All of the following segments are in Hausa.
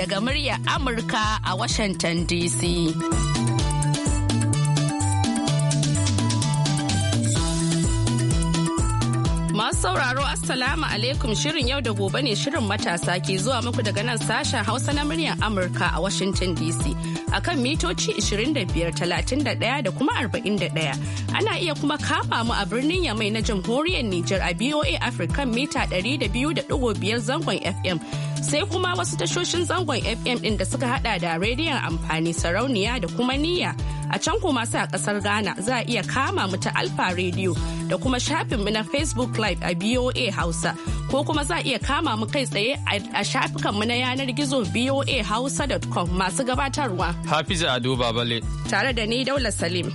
daga murya Amurka a Washington DC. Masu sauraro Assalamu alaikum shirin yau da gobe ne shirin matasa ke zuwa muku daga nan sashen Hausa na muryar Amurka a Washington DC akan mitoci 25-31 da kuma 41. Ana iya kuma kama mu a birnin Yamai na jamhuriyar Nijar a BOA African mita 200.5 zangon FM. sai kuma wasu tashoshin zangon FM ɗin da suka hada da rediyon amfani sarauniya da kuma niyya. A can kuma sai a ƙasar Ghana za a iya kama mu ta Alfa Radio da kuma shafin mu na Facebook Live a BOA Hausa ko kuma za a iya kama mu kai tsaye a shafukan mu na yanar gizo boahausa.com masu gabatarwa. Hafiza Ado Babale. Tare da ni Daula Salim.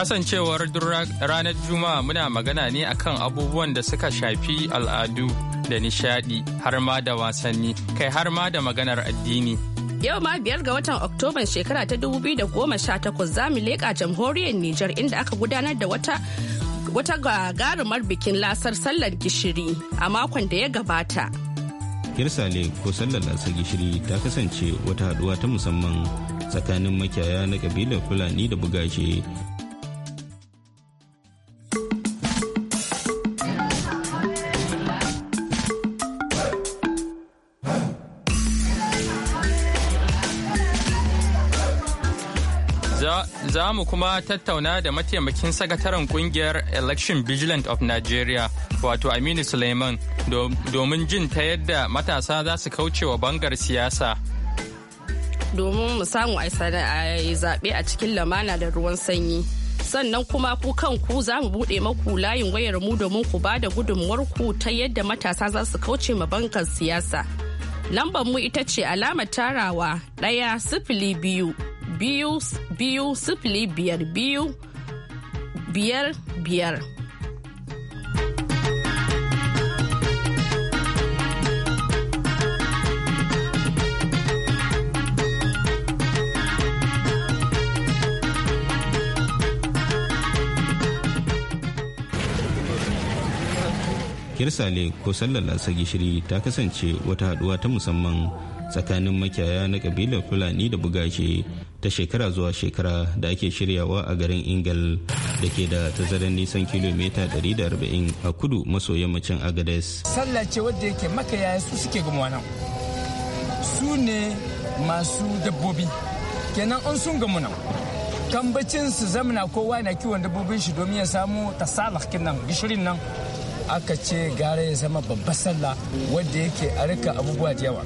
Kasancewar ranar Juma'a muna magana ne akan abubuwan da suka shafi al'adu da nishadi har ma da wasanni kai har ma da maganar addini. Yau ma biyar ga watan Oktoban shekara ta 2018 za mu leƙa jamhuriyar Nijar inda aka gudanar da wata wata gagarumar bikin lasar sallar gishiri a makon da ya gabata. Kirsale ko sallar lasar gishiri ta kasance wata haduwa ta musamman tsakanin makiyaya na kabilar Fulani da Bugashe Za mu kuma tattauna da mataimakin sakataren kungiyar Election Vigilant of Nigeria, wato Aminu Suleiman, domin jin ta yadda matasa za su kaucewa bangar siyasa. Domin mu samu a zaɓe a cikin lamana da ruwan sanyi. sannan kuma ku kanku za mu buɗe maku layin wayar mu domin ku ba da ku ta yadda matasa za su kauce ma bankan siyasa. Lambar mu ita ce alamar tarawa ɗaya sifili biyu biyu biyu sifili biyar biyu biyar biyar. kirsale ko sallar lasa gishiri ta kasance wata haduwa ta musamman tsakanin makiyaya na kabilar fulani da bugashe ta shekara zuwa shekara da ake shiryawa a garin ingal da ke da tazarar nisan kilomita 140 a kudu maso yammacin agades sallah ce wadda yake makaya su suke gama nan su ne masu dabbobi kenan an sun gamu nan kambacin su zamana kowa na kiwon dabbobin shi domin ya samu tasalah nan gishirin nan aka ce gara ya zama babbar sallah wadda yake a rika abubuwa da yawa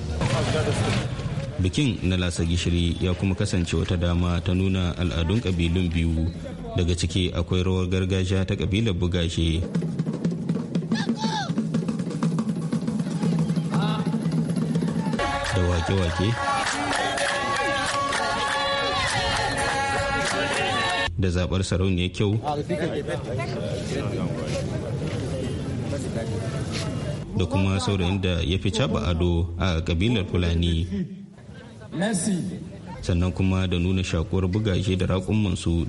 bikin na lasa gishiri ya kuma kasance wata dama ta nuna al'adun kabilun biyu daga ciki akwai rawar gargajiya ta kabilar bugashe da wake-wake da zaɓar sarauniyar kyau da kuma saurayin da ya fi caba ado a kabilar fulani sannan kuma da nuna shakuwar bugaje da raƙumansu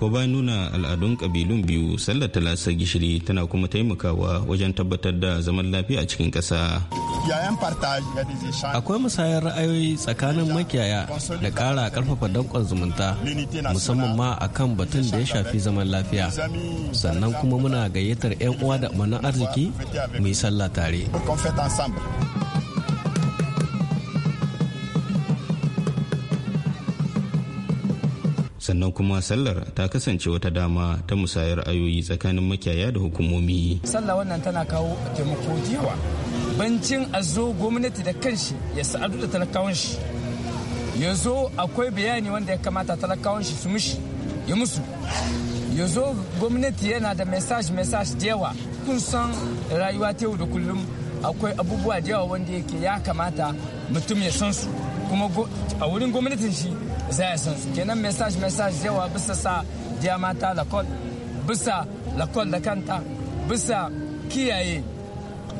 ko bayan nuna al'adun kabilun biyu sallar talasa gishiri tana kuma taimakawa wajen tabbatar da zaman lafiya a cikin ƙasa. akwai musayar ra'ayoyi tsakanin makiyaya da ƙara ƙarfafa danƙon zumunta musamman ma akan batun da ya shafi zaman lafiya sannan kuma muna gayyatar 'yan uwa da manan arziki mu sallah tare sannan kuma sallar ta kasance wata dama ta musayar ayoyi tsakanin makiyaya da hukumomi sallah wannan tana kawo taimako yawa bancin a zo gwamnati da kanshi ya sa'adu da talakawan shi ya zo akwai bayani wanda ya kamata talakawan shi su mishi ya musu ya zo gwamnati yana da message message da yawa kun san rayuwa ta yau da kullum akwai abubuwa da yawa wanda yake ya kamata mutum ya san su kuma a wurin gwamnatin shi zai san su kenan message message yawa bisa sa jiya mata lakol bisa lakol da kanta bisa kiyaye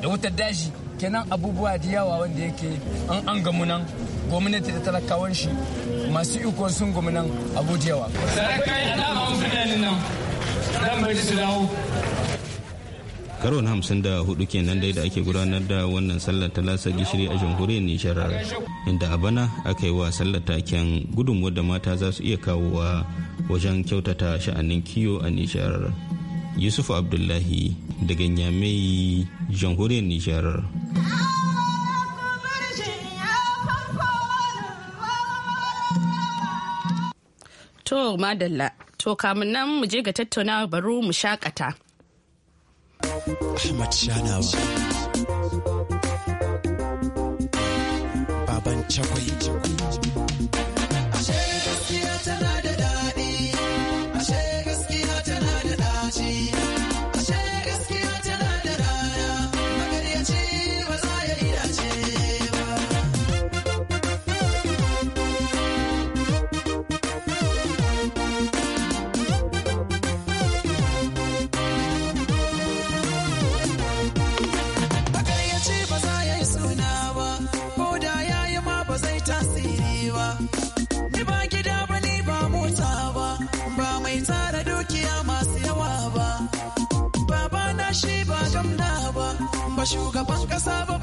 da wutar daji kenan abubuwa da yawa wanda yake an an gamu nan gwamnati da talakawan shi masu iko sun gamu nan abu da yawa. Sarakai ana ma'amfina nan nan bai su dawo karo na hamsin da hudu kenan dai da ake gudanar da wannan sallar ta lasa gishiri a jamhuriyar nishar inda a bana aka yi wa sallar taken gudunmuwar da mata za su iya kawowa wajen kyautata sha'anin kiyo a nishar yusuf abdullahi daga nyamai jamhuriyar nishar to madalla to kamun nan mu je ga tattaunawa baro mu shakata Ahmad Shanawa. ba shugaban kasa ba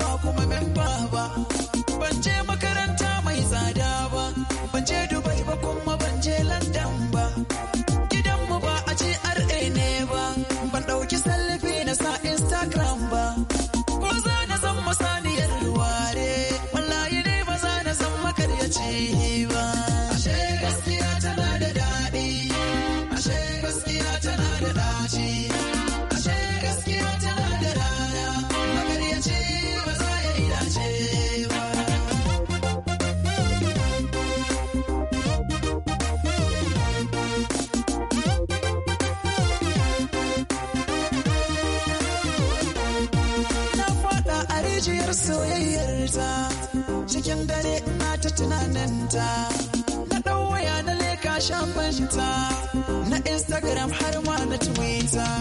shafin shi na Instagram har ma na Twitter.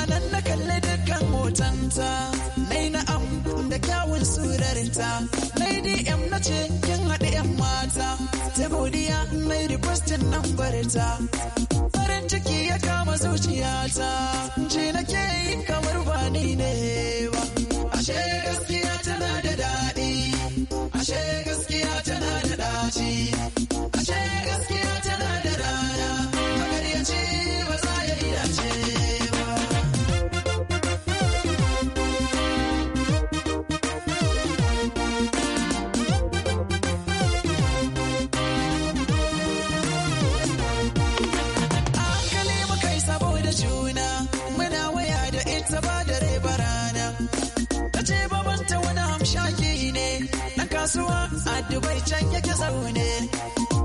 A na kalli dukkan hotonta, na yi na'am da kyawun surarinta. Na yi DM na ce kin haɗe 'yan mata, ta godiya na yi requestin nan barita. Farin ciki ya kama zuciyata, ce na ke yi kamar ba ni ne ba. Ashe gaskiya tana da daɗi, ashe gaskiya tana da ɗaci, ashe gaskiya tana Kano ne,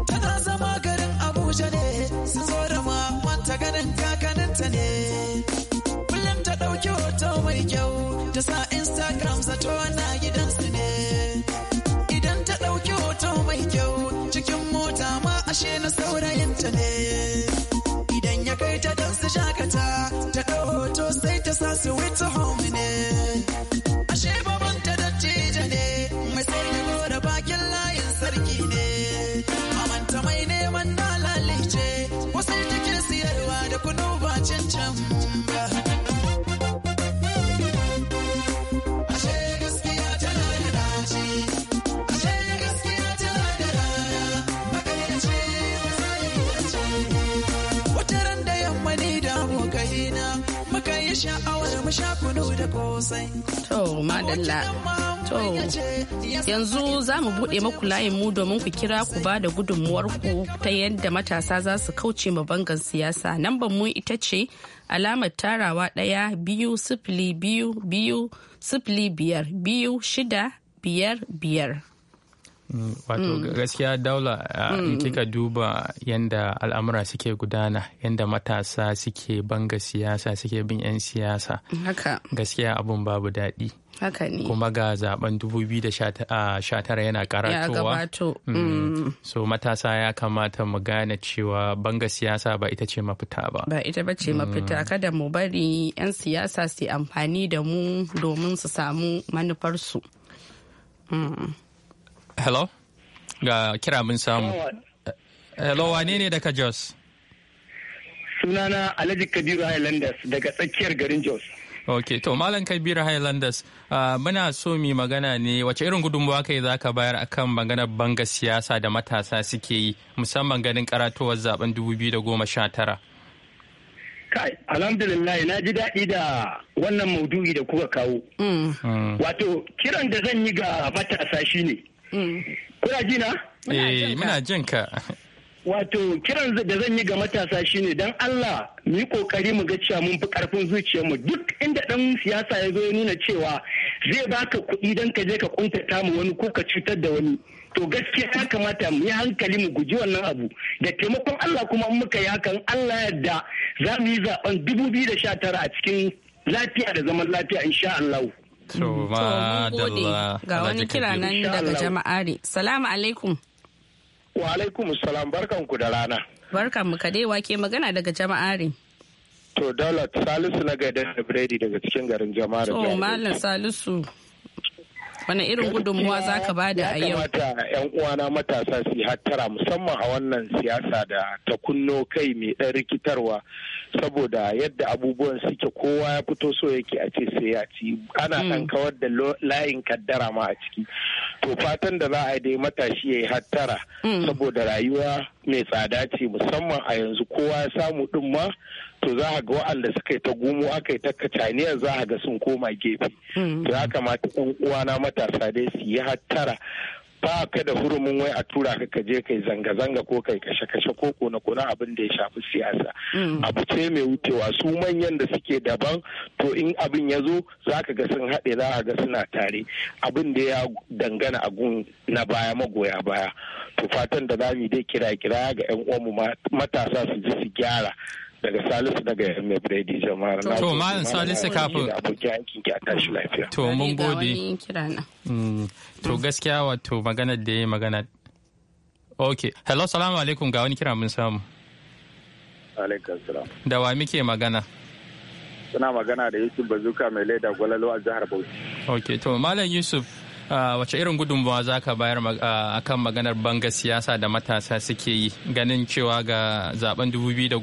tana zama garin Abuja ne, su tsora ma wanta ganin kakaninta ne. Kullum ta ɗauki hoto mai kyau, ta sa Instagram zato na gidansu ne. Idan ta ɗauki hoto mai kyau, cikin mota ma ashe na saurayinta ne. Idan ya kai ta don su shakata, ta ɗau hoto sai ta sa su home. mu sha kunu da kosai. To madalla. To yanzu za mu buɗe maku layin mu domin ku kira ku ba da gudunmuwarku ta yadda matasa za su kauce ma bangan siyasa. Namban mu ita ce alamar tarawa ɗaya biyu sifili biyu biyu sifili biyar biyu shida biyar biyar. wato mm. gaskiya daula in mm. kika duba yadda al'amura suke gudana yadda matasa suke banga siyasa suke bin 'yan siyasa gaskiya abun babu daɗi haka ne kuma ga zaben 2019 yana karatowa mm. so matasa ya kamata mu gane cewa banga siyasa ba ita ce mafita ba ba ita ba ce mafita kada mu bari 'yan siyasa su amfani da mu domin su samu manufarsu hello ga kira mun samu hello wane ne daga jos sunana alhaji kabiru highlanders daga tsakiyar garin jos ok to malam kabiru highlanders ah, muna so mi magana ne wace irin gudunmawa kai za ka bayar a kan maganar banga siyasa da matasa suke yi musamman ganin karatowar zaben 2019 kai alhamdulillah na ji daɗi da wannan maudu'i da kuka kawo mm. wato kiran da zan yi ga matasa shi ne. Kuna jina? Eh, muna jin ka. Wato kiran da zan yi ga matasa shine dan Allah mu yi kokari mu ga cewa mun fi karfin zuciyarmu duk inda ɗan siyasa ya zo ya nuna cewa zai baka kuɗi dan ka je ka kuntata mu wani ko ka cutar da wani. to gaskiya ya kamata mu yi hankali mu guji wannan abu da taimakon Allah kuma in muka yi hakan Allah yadda za mu yi zaben 2019 a cikin lafiya da zaman lafiya insha Allah. To ma Ga wani kira nan daga jama'ari. Salamu alaikum. Wa alaikum salam barkan ku da rana. Barkan mu kadewa ke magana daga jama'ari. To Daulat Salisu na gaida da biredi daga cikin garin jama'ar. To Malam Salisu. wani irin gudunmuwa za ka bada a yau? Ya kamata 'yan uwana matasa su hattara musamman a wannan siyasa da ta kunno kai mai ɗan rikitarwa saboda yadda abubuwan suke kowa ya fito so yake a ce sai ya ci ana ɗan mm. kawar da layin kaddara ma a ciki to fatan da za a dai matashi ya yi hattara mm. saboda rayuwa mai tsada ce musamman a yanzu kowa ya samu ɗin ma to za a ga waɗanda suka yi ta gumo aka yi ta kacaniya za a ga sun koma gefe hmm. to ya kamata ɗan uwana matasa dai su yi hattara ba ka da hurumin wai a tura ka ka je kai zanga-zanga ko kai kashe-kashe ko kona-kona abin da ya shafi siyasa hmm. abu ce mai wucewa su manyan da suke daban to in abin ya zo za ka ga sun haɗe za ga suna tare abin da ya dangana a gun na baya magoya baya to fatan da za mu dai kira-kira ga 'yan uwanmu matasa su ji su gyara daga Salisu daga mai biredi jama'ar na to malam Salisu kafin abokin aikin ki a tashi lafiya to mun gode mm, to gaskiya wato maganar da yi magana ok hello salamu alaikum ga wani kira mun samu da wa muke magana suna magana da Yusuf Bazuka mai laida gwalalo a jihar Bauchi ok to malam Yusuf Ah, wace irin gudunmawa za ka bayar a ah, kan maganar banga siyasa da matasa suke yi ganin cewa ga zaben 2019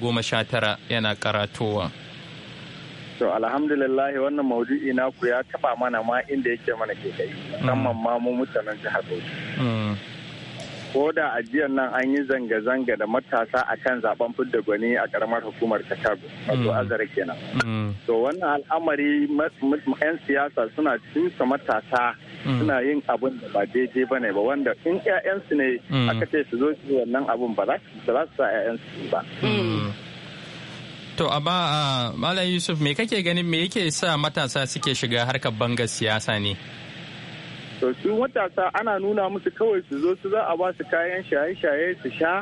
yana karatowa to alhamdulillah wannan maudu'i naku ya taba mana ma inda yake mana ke kai mm. musamman ma mu mutanen jihar bauchi mm. ko da ajiyar nan an yi zanga-zanga da matasa a kan zaben fidda gwani a karamar hukumar Chicago wato hmm. azara kenan hmm. to wannan al'amari 'yan siyasa suna cinsa matasa hmm. suna yin abin da ba daidai ba ne ba wanda in su ne aka ce su zo su wannan abun ba za su sa 'ya'yansu ba To, amma ah, Malam Yusuf, me kake ganin me yake sa matasa suke shiga harkar bangar siyasa ne? to su matasa ana nuna musu kawai su zo su za a ba su kayan shaye-shaye su sha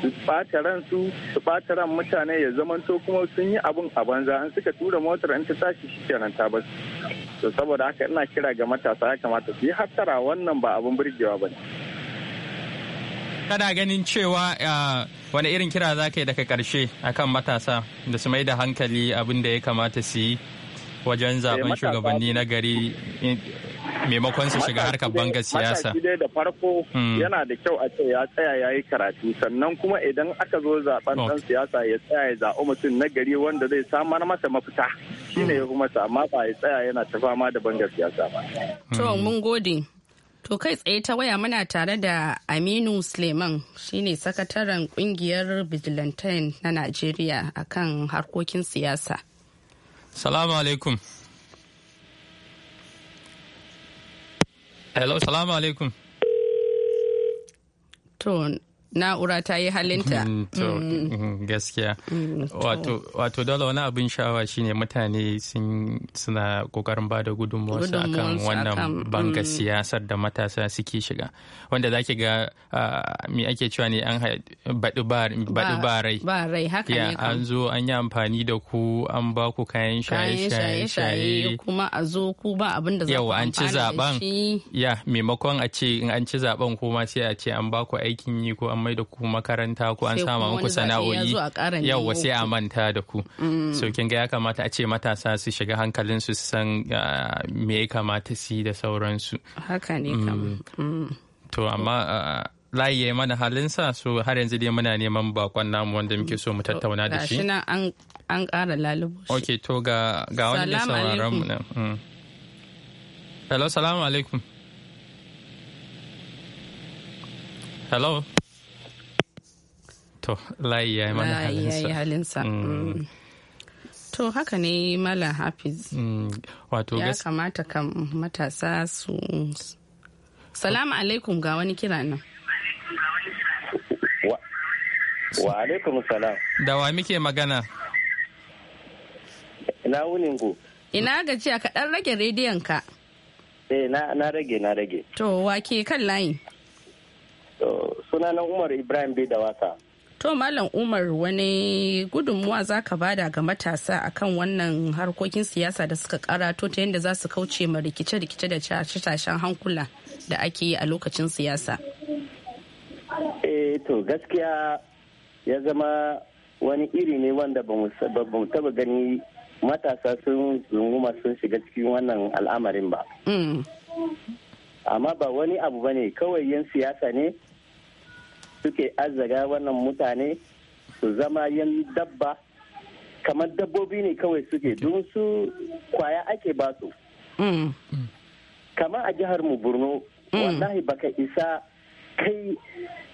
su bata ran su su bata ran mutane ya zamanto kuma sun yi abun a banza in suka tura motar in ta tashi shi kenan ta bas to saboda haka ina kira ga matasa ya kamata su yi hattara wannan ba abin burgewa ba ne. kana ganin cewa wani irin kira za ka yi daga karshe akan matasa da su mai da hankali abin da ya kamata su yi wajen eh, zaben shugabanni na gari maimakon su shiga harkar bangar siyasa. Mataki da farko hmm. yana da kyau a ce ya tsaya ya yi karatu sannan kuma idan aka zo zaben dan siyasa ya tsaya ya zaɓi mutum na gari wanda zai samar masa mafita shine ya kuma sa amma ba ya tsaya yana ta fama da bangar siyasa ba. To hmm. mun gode. To kai tsaye ta waya muna tare da Aminu Suleiman shine sakataren kungiyar Vigilantine na Najeriya akan harkokin siyasa. salamu alaikum hello salamu alaikum to na'ura ta yi halinta. Mm, mm. Mm, gaskiya. Wato dole wani abin sha'awa shine mutane suna kokarin ba da gudunmuwarsu akan wannan banga siyasar da matasa suke shiga. Wanda zaki ga me ake cewa ne an baɗi ba barai. Ba haka ne. An zo an yi amfani da ku an ba ku kayan shaye shaye shaye. Kuma a zo ku ba abin da za ku amfani da shi. Ya maimakon a ce in an ci zaben kuma sai a ce an ba ku aikin yi ko an an mai da ku makaranta ko an sama muku sana'o'i yawwa sai a manta da ku mm. so kin ga ya kamata a ce matasa su shiga hankalin su san ah, me ya kamata su da sauransu haka ne mm. kam mm. to amma ah, layi ya yi mana halinsa so har yanzu dai muna neman bakon namu wanda muke so mu tattauna da shi na an ƙara lalubu ok to ga wani da sauraron mu nan hello salamu alaikum hello to layi ya yi mana halinsa layi ya halinsa mm. Mm. to haka ne malam hafiz mm. wato ya kamata kan matasa su salamu alaikum ga wani kira nan wa alaikum salam da wa muke magana ina wunin ku ina gajiya ka dan rage rediyon ka eh na na rage na rage to wa ke kan layin to sunanan umar ibrahim bai da To Malam Umar wani gudunmuwa za ka bada ga matasa akan wannan harkokin siyasa da suka karato ta yadda za su kauce ma rikice-rikice da tashen hankula da ake yi a lokacin siyasa. e to gaskiya ya zama wani iri ne wanda ba mu taba gani matasa sun zunguma sun shiga cikin wannan al'amarin ba. Mm. Amma ba wani abu ba ne kawai yin siyasa ne suke azaga wannan mutane su zama yan dabba kamar dabbobi ne kawai suke don su kwaya ake ba su mm. kamar a jihar mu borno mm. wallahi baka isa kai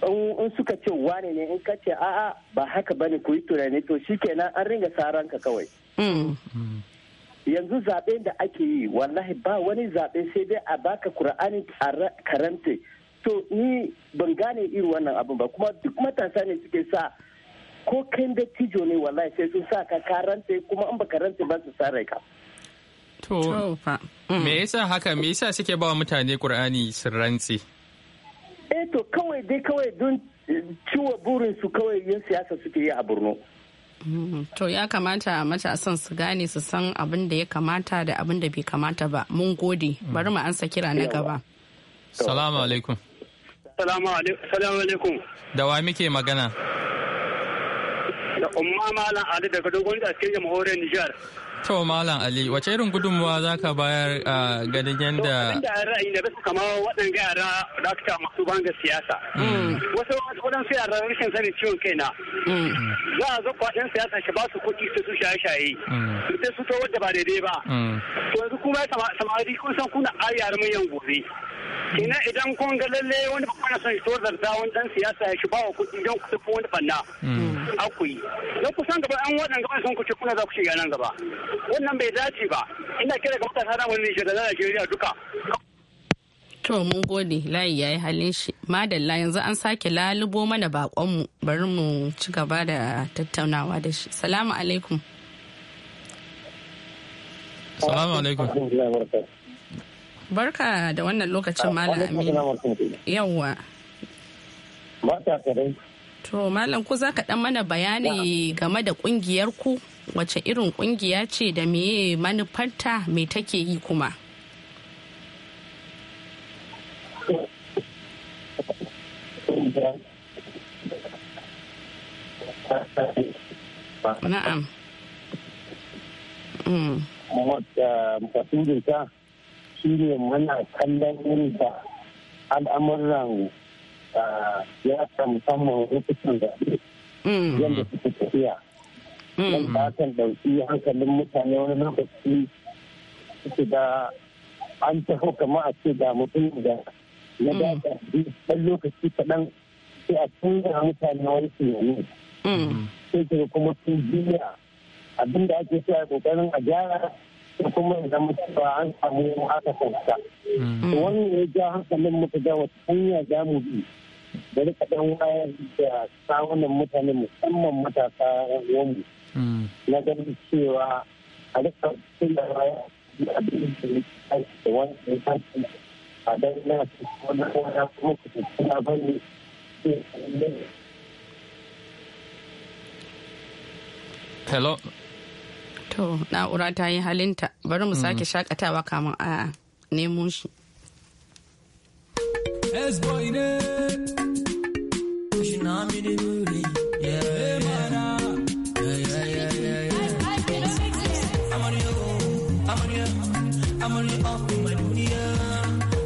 in suka ce wane ne in ka ce a'a ba haka bane ku yi tunani to shikenan an ringa saran ka kawai mm. yanzu zaɓen da ake yi wallahi ba wani zaɓe sai dai a baka kur'ani karanta. to ni ban gane irin wannan abin ba kuma duk matasa ne suke sa ko kai da tijo ne wallahi sai sun sa ka karanta kuma in baka karanta ba su sare ka to mm. me yasa haka me yasa suke ba mutane qur'ani sun rantsi? eh to kawai dai kawai don ciwo burin su kawai yin siyasa suke yi a Borno mm-hmm. to ya kamata matasan su gane su san abin da ya kamata da abin da bai kamata ba mun gode bari mu ansa kira na gaba salamu alaikum Assalamu alaikum. Da wa muke magana? Da umma Malam Ali daga dogon a cikin jamhuriyar Nijar. To Malam Ali, wace irin gudunmawa za ka bayar a ganin yadda... Da ra'ayi da bisa kama waɗanga yara da aka ta masu banga siyasa. Mm. Wasu waɗansu yara rashin sanin ciwon kai na. Mm. Za a zo kwaɗin siyasa shi ba su kuɗi su shaye-shaye. Mm. Su ta su to wadda ba daidai ba. To yanzu kuma samari kun san kuna ayyar mun yan gobe. Ina idan kun ga lalle wani bakwana son shi zarta wani dan siyasa ya shi ba wa kuɗi don ku tafi wani banna. Mm. Don ku gaba an waɗanda gaba sun kuce kuna za ku shiga nan gaba. Wannan bai dace ba. Ina kira ga matasa da wani shiga na Najeriya duka. To mun gode layi yayi halin shi. Madalla yanzu an sake lalubo mana bakonmu bari mu ci gaba da tattaunawa da shi. Salamu alaikum. Salamu alaikum. Barka da wannan lokacin ah, Malam Aminu. Yawwa. Barka To Malam ku za ka ɗan mana bayani game da ƙungiyar ku wace irin ƙungiya ce da meye manufarta me take yi kuma. Na'am. Mm. shi ne muna kallon da al'amuran ya musamman lokacin da mm-hmm. yadda suke tafiya. Yan fatan dauki hankalin mutane wani lokaci suke da an taho kama a ce da mutum da dace mm-hmm. da ɗan lokaci kaɗan sai a canza mutane wani tunani. Mm-hmm. Sai kuma sun biya abinda ake sa kokarin a gyara da kuma ya zama cewa an samu haka sauka. Mm. Wannan ya ja hankalin muka ga wata hanya za mu bi da rika ɗan wayar da sawunan mutane musamman matasa wani. Mm. na ganin cewa a rika kula da abin da ya kai da wani ya kai a dan na su kuma na kuma kuma bane Hello. To, na'ura ta yi halinta. Bari mu sake mm. shakatawa kamun a nemo shi.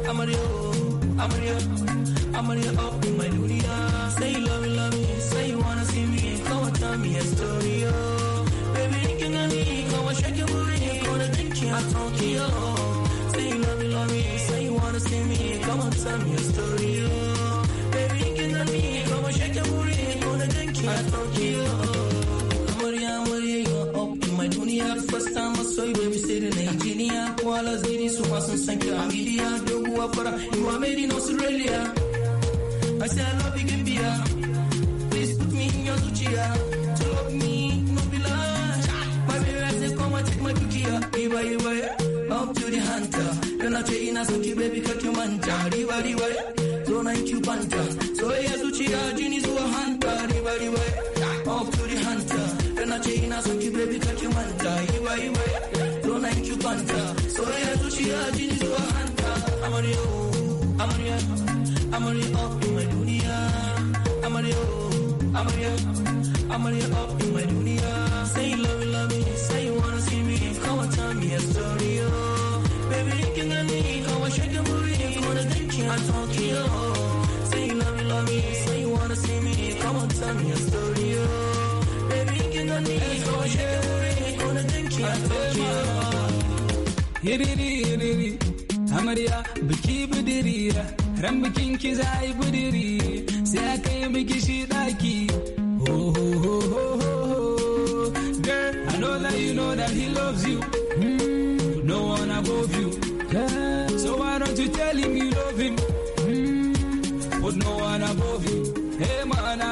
Amarya, amarya, amarya, amarya, Biafra. You are made in Australia. I say I love you, Gambia. Please put me in your Zuchia. To love me, no be lie. My baby, I say come and take my cookie. Iba, iba, up to the hunter. Then I say in a suki, baby, cut your manta. Riba, riba, so na you panta. So yeah, Zuchia, genies who are hunter. Riba, riba, up to the hunter. Then I say in a suki, baby, cut your manta. Iba, iba, so na you panta. So yeah, Zuchia, genies amaryo amaryo amaryo mai duniya amaryo amaryo amaryo mai duniya say you love me love me say you wanna see me come and tell me a story oh baby looking at me come and shake your booty gonna take you out Tokyo say you love me love me say you wanna see me come and tell me a story oh baby looking at me come and shake your booty gonna take you out Tokyo amarya biki budiri ran bikin ki za budiri sai a kai miki shi daki ho ho i know that you know that he loves you mm, no one above you girl. so why don't you tell him you love him mm, put no one above you hey mana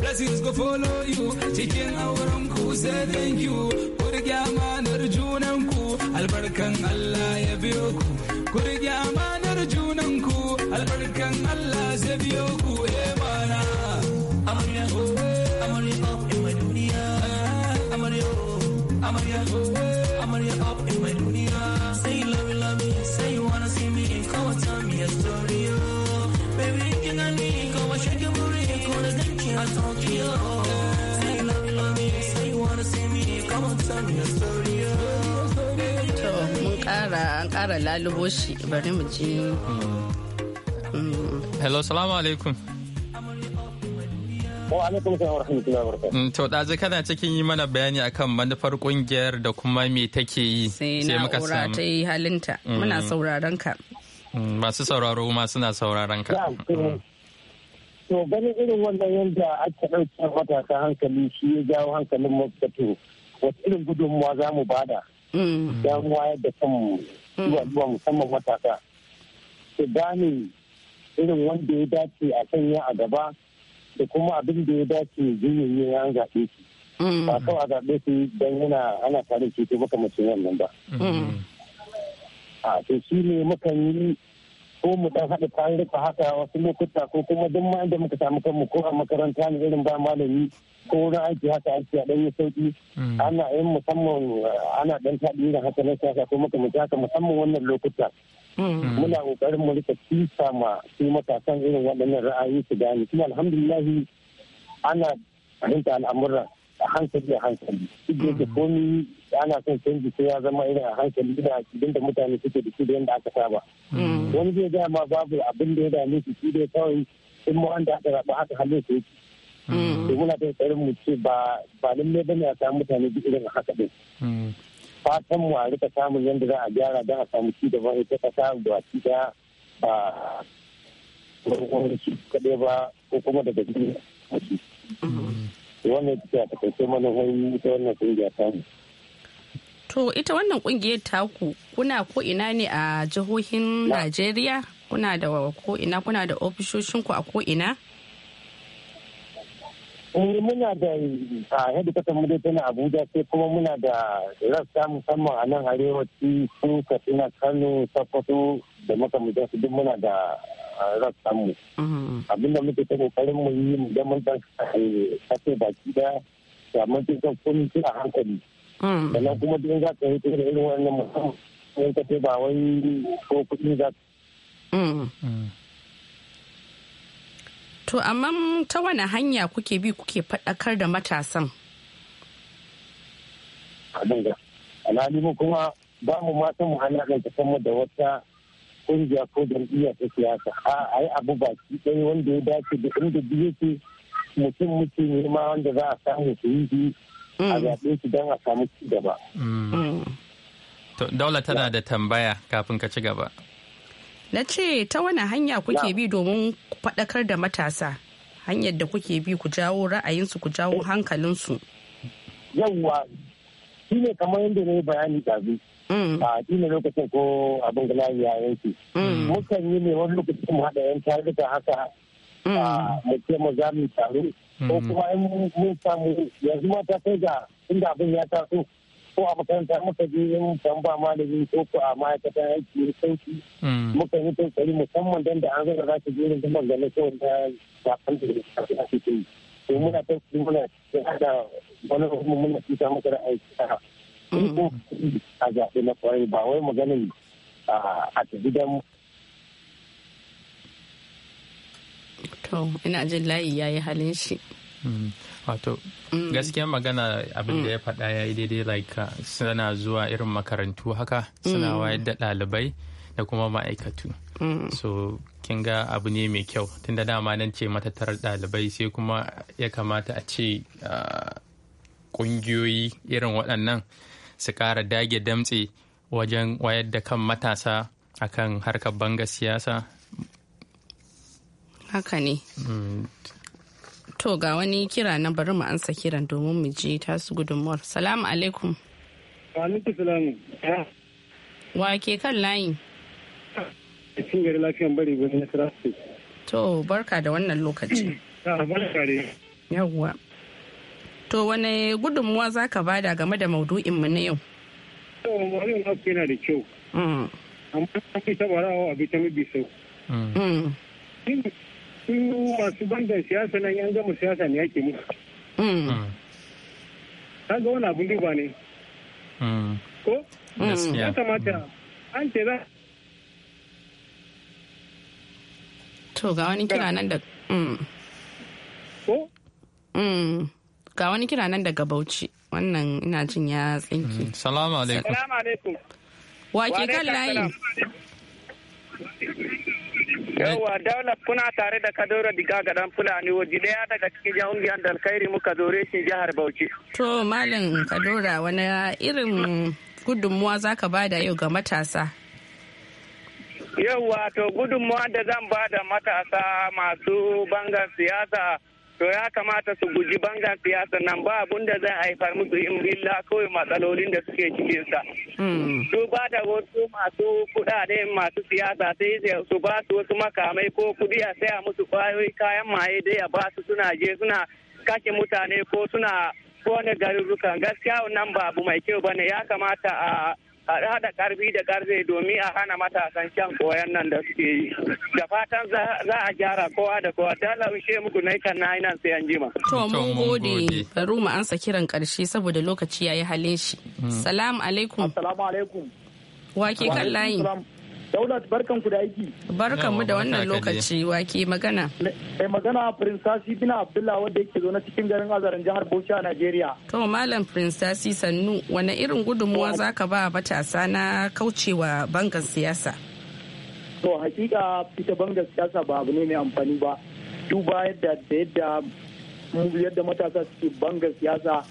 blessings go follow you cikin auren ku say thank you kurga manar junan ku albarkan Allah ya biyo ku albarkan Allah zai biyo ku eh, mana amarya oh, amarya up in my duniya amarya oh, amarya oh, amarya up in my duniya say you love me love me say you wanna see me come and tell me a story oh baby kina ni come and shake your booty come and dance I'll talk to you say you love me love me say you wanna see me come and tell me a story mun kara an kara lalubo shi bari mu ji hello salamu alaikum mm, To ɗazu kana cikin yi mana bayani akan manufar kungiyar da kuma me take yi. Sai na'ura ta yi halinta. Muna mm. sauraron ka. Mm, masu sauraro ma suna sauraron ka. To ganin irin wannan yadda ake ɗauke matasa hankali shi ya jawo hankalin mafito wata irin gudunmuwa za mu bada. Don wayar da kan zuwa musamman matasa. Su irin wanda ya dace a sanya a gaba da kuma abin da ya dace yi ya zaɓe shi mm. ba kawai a zaɓe shi don yana ana tare da maka mace wannan ba mm. a to shi ne mukan yi ko mu dan haɗa tarurruka haka wasu lokuta ko kuma duk ma inda muka samu kanmu ko a makaranta ne irin ba malami ko wurin aiki haka aiki a ɗanyen sauƙi mm. ana yin musamman eh, ana ɗan taɗi irin haka na siyasa ko muka haka musamman wannan lokuta Mm. muna kokarin mu rika tisa ma su matasan irin waɗannan ra'ayi su gane kuma alhamdulillahi ana fahimta al'amuran a hankali a hankali duk da yake mm. komi ana son canji sai ya zama irin a hankali da idan da mutane suke da shi da yadda aka saba mm. wani zai ga ma babu abin da ya dame shi shi dai kawai in mu an da aka raba aka halle su yake to muna ta tsarin mu ce ba ba lalle bane a samu mutane duk irin haka din fatan mu a rika samun yadda za a gyara don a samu ci gaba ita kasa da ci da ba gwamnati kaɗai ba ko kuma daga duniya wannan ita ta kai manufoyi ita wannan kungiya ta mu To ita wannan kungiyar taku kuna ko ina ne a jihohin Najeriya? Kuna da ko ina kuna da ofishoshinku a ko ina? Eh, muna da kasar mu dai tana Abuja sai kuma muna da rasta musamman a nan arewaci su Katsina Kano Sokoto da makamantan su duk muna da rasta mu. Mm-hmm. Abinda muke ta kokarin mu yi mu ga mun dan baki da ya mun ta a hankali. Mm-hmm. Sannan kuma duk za ka yi da irin wannan musamman ba wani ko kuɗi za ka. Mm-hmm. Mm. To amma ta wani hanya kuke bi kuke faɗakar da matasan? Alhalimu kuma ba mu matan mu ana ta mu da wata ƙungiya ko jam'iyya ta siyasa. A yi abu ba baki ɗaya wanda ya dace da inda biyu ke mutum muke ma wanda za a samu su yi a mm. zaɓe su don a samu ci gaba. Mm. Mm. Daula tana da tambaya kafin ka ci gaba. na ce ta wani hanya kuke bi domin faɗakar da matasa hanyar da kuke bi ku jawo ra'ayinsu ku jawo eh. hankalinsu yawwa shi ne kamar yadda na yi bayani ɗazu mm. a ne lokacin ko abin gana ya yanki mm. mukan yi ne wani lokacin mu haɗa yan tarika haka mm. mu ce mu za mu taro ko kuma in mun samu yanzu ma ta kai ga inda abin ya taso ko a makaranta muka je yin tamba malami ko ko a ma'aikatan aiki ne sauki hmm. muka yi kokari musamman dan da an zaga za ta je yin zaman da na kyau ba kan da ya ake yi to muna ta kuma muna da wani hukumar muna cuta maka da aiki a zaɓe na kwarai ba wai maganin a ta gidan to ina jin layi yayi halin shi Mm. wato mm. gaskiya magana abin da mm. ya faɗa ya yi daidai like uh, suna zuwa irin makarantu haka suna wayar da ɗalibai da kuma ma'aikatu so kin ga abu ne mai kyau tunda dama nan ce matattarar ɗalibai sai kuma ya kamata a ce uh, ƙungiyoyi irin waɗannan su ƙara dage damtse wajen wayar da kan matasa akan harkar banga siyasa haka ne To ga wani kira na bari mu ansa kiran domin mu ji tasu gudunmuwar. Salamu alaikum. Wa ke kan layi? To barka da wannan lokaci. Yawwa. To wane gudunmuwa za ka bada game da maudu'in mu na yau? To maudu'in haka yana da kyau. Mm. Amma fi tabarawa a bitamin bisau. su masu bandan siyasa nan yan gama siyasa ne yake mu. Ta mm. mm. ga wani abin duba ne. Mm. Ko? Ya kamata an ce za. To ga wani kira nan da. Ko? Ga wani kira nan daga Bauchi. Wannan ina jin ya tsinki. Salamu alaikum. Salamu alaikum. Wa ke kan layi? yawwa daula kuna tare da Kadoro Diga ga dan Fulani waje daya daga cikin jahungiyar da alkhairi muka zore shi jihar Bauchi. To Malam Kadora wani irin gudunmuwa zaka bada yau ga matasa? yawwa to gudunmuwa da zan bada matasa masu bangar siyasa to ya kamata su guji bangan siyasa nan ba abun da zai haifar musu in illa kawai matsalolin da suke cikinsa. Hmm. Su ba da wasu masu kuɗaɗe masu siyasa sai su ba su wasu makamai ko kudi a saya musu kwayoyi kayan maye dai a ba su suna je suna kashe mutane ko suna wani garurukan gaskiya wannan ba abu mai kyau bane ya kamata a haɗa ƙarfi da ƙarfe domin a hana matasan shan koyan nan da suke yi. Da fatan za a gyara kowa da kowa ta laushe muku na kan na nan sai an jima. To mun gode bari mu ansa kiran ƙarshe saboda lokaci ya yi halin shi. Hmm. Salam alaikum. Assalamu alaikum. Wa ke kan layi? Daulat barkan ku da aiki. Barkan mu da wannan lokaci wake magana. Mai magana Prince Sasi bin Abdullah wanda yake zo na cikin garin azaran jihar Bauchi a Najeriya. To Malam Prince Sasi Sannu wani irin gudunmuwa zaka ba matasa na kaucewa bangar siyasa? To hakika fita bangar siyasa ba abu ne mai amfani ba. Duba yadda da yadda yadda matasa suke bangar siyasa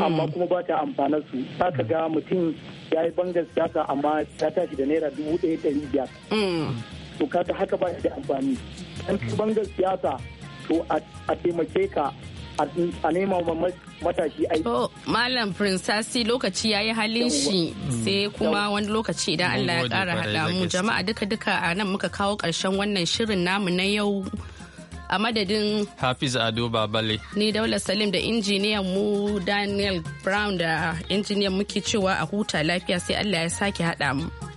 amma mm. kuma ba ta amfanar su. ga mutum ya yi bangar siyasa amma ta tashi da naira dubu ɗaya ɗari biyar. To kata haka ba da amfani. An fi bangar siyasa to a taimake ka a nema matashi aiki. to Malam Prince lokaci ya yi halin shi sai mm. kuma wani lokaci idan Allah ya kara haɗa mu jama'a duka-duka a nan muka kawo ƙarshen wannan shirin namu na yau. a madadin hafiz ado babale ni daula salim da injiniyan mu daniel brown da injiniyan muke cewa a huta lafiya sai allah ya sake haɗa mu